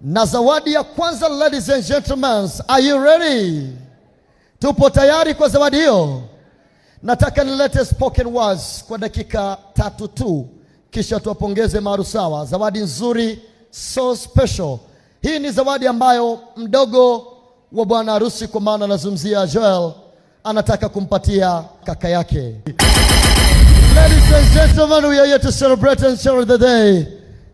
na zawadi ya kwanza, ladies and gentlemen, are you ready? Tupo tayari kwa zawadi hiyo? Nataka nilete spoken words kwa dakika tatu tu, kisha tuwapongeze marusawa. Zawadi nzuri, so special. Hii ni zawadi ambayo mdogo wa bwana harusi, kwa maana anazungumzia Joel, anataka kumpatia kaka yake. Ladies and gentlemen, we are here to celebrate and share the day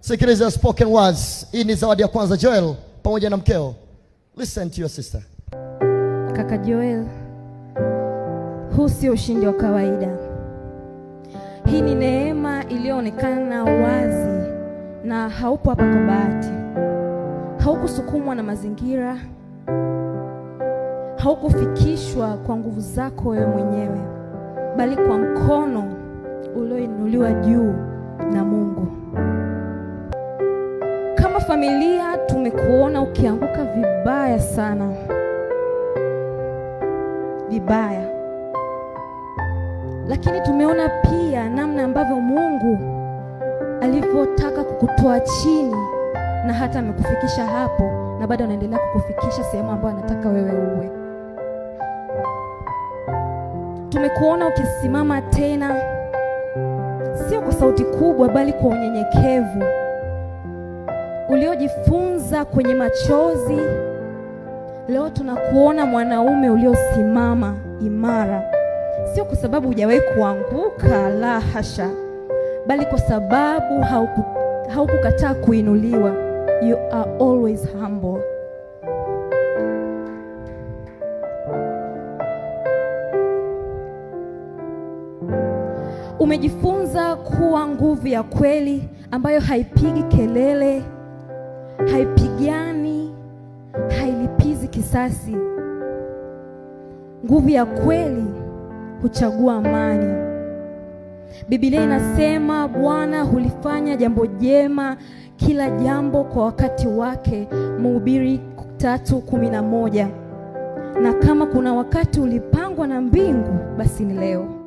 Sikiliza spoken words. Hii ni zawadi ya kwanza Joel pamoja na mkeo. Listen to your sister. Kaka Joel, huu sio ushindi wa kawaida. Hii ni neema iliyoonekana wazi na haupo hapa kwa bahati. Haukusukumwa na mazingira. Haukufikishwa kwa nguvu zako wewe mwenyewe, bali kwa mkono ulioinuliwa juu na Mungu. Kama familia tumekuona ukianguka vibaya sana, vibaya, lakini tumeona pia namna ambavyo Mungu alivyotaka kukutoa chini na hata amekufikisha hapo, na bado anaendelea kukufikisha sehemu ambayo anataka wewe uwe. Tumekuona ukisimama tena, sio kwa sauti kubwa, bali kwa unyenyekevu uliojifunza kwenye machozi, leo tunakuona mwanaume uliosimama imara, sio kwa sababu hujawahi kuanguka, la hasha, bali kwa sababu hauku, haukukataa kuinuliwa. You are always humble. Umejifunza kuwa nguvu ya kweli ambayo haipigi kelele haipigani, hailipizi kisasi. Nguvu ya kweli huchagua amani. Biblia inasema Bwana hulifanya jambo jema kila jambo kwa wakati wake, Mhubiri 3:11. Na kama kuna wakati ulipangwa na mbingu, basi ni leo.